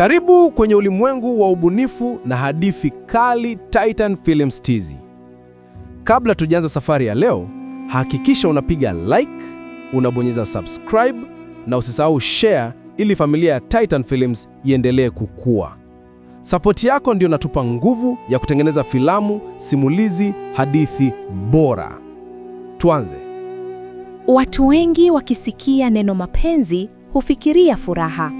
Karibu kwenye ulimwengu wa ubunifu na hadithi kali titan Films TZ. Kabla tujaanza safari ya leo, hakikisha unapiga like, unabonyeza subscribe na usisahau share ili familia ya titan Films iendelee kukua. Sapoti yako ndio inatupa nguvu ya kutengeneza filamu, simulizi, hadithi bora. Tuanze. Watu wengi wakisikia neno mapenzi hufikiria furaha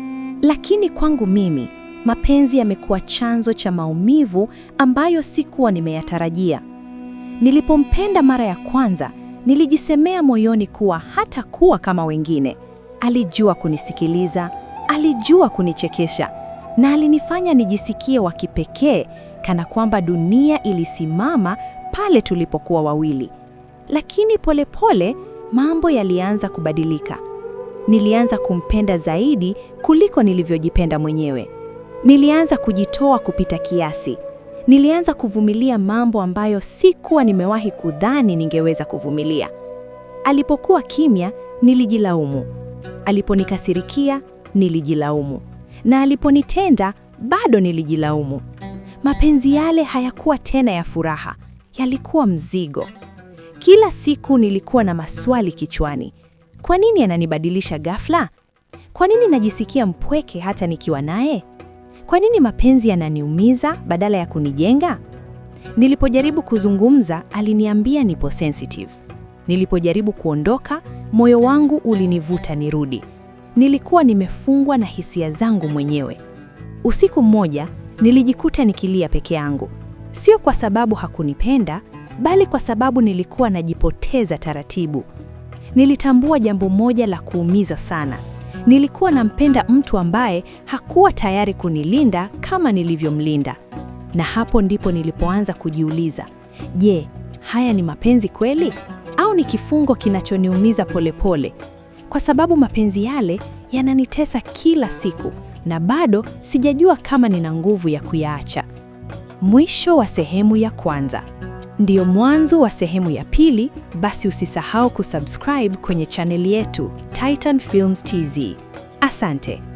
lakini kwangu mimi mapenzi yamekuwa chanzo cha maumivu ambayo sikuwa nimeyatarajia. Nilipompenda mara ya kwanza, nilijisemea moyoni kuwa hata kuwa kama wengine. Alijua kunisikiliza, alijua kunichekesha na alinifanya nijisikie wa kipekee, kana kwamba dunia ilisimama pale tulipokuwa wawili. Lakini polepole pole, mambo yalianza kubadilika nilianza kumpenda zaidi kuliko nilivyojipenda mwenyewe. Nilianza kujitoa kupita kiasi. Nilianza kuvumilia mambo ambayo sikuwa nimewahi kudhani ningeweza kuvumilia. Alipokuwa kimya, nilijilaumu. Aliponikasirikia, nilijilaumu. Na aliponitenda, bado nilijilaumu. Mapenzi yale hayakuwa tena ya furaha, yalikuwa mzigo. Kila siku nilikuwa na maswali kichwani. Kwa nini ananibadilisha ghafla? Kwa nini najisikia mpweke hata nikiwa naye? Kwa nini mapenzi yananiumiza badala ya kunijenga? Nilipojaribu kuzungumza, aliniambia nipo sensitive. Nilipojaribu kuondoka, moyo wangu ulinivuta nirudi. Nilikuwa nimefungwa na hisia zangu mwenyewe. Usiku mmoja, nilijikuta nikilia peke yangu. Sio kwa sababu hakunipenda, bali kwa sababu nilikuwa najipoteza taratibu nilitambua jambo moja la kuumiza sana. Nilikuwa nampenda mtu ambaye hakuwa tayari kunilinda kama nilivyomlinda. Na hapo ndipo nilipoanza kujiuliza, je, haya ni mapenzi kweli au ni kifungo kinachoniumiza polepole? Kwa sababu mapenzi yale yananitesa kila siku na bado sijajua kama nina nguvu ya kuyaacha. Mwisho wa sehemu ya kwanza ndiyo mwanzo wa sehemu ya pili, basi usisahau kusubscribe kwenye chaneli yetu titan Films TZ. Asante.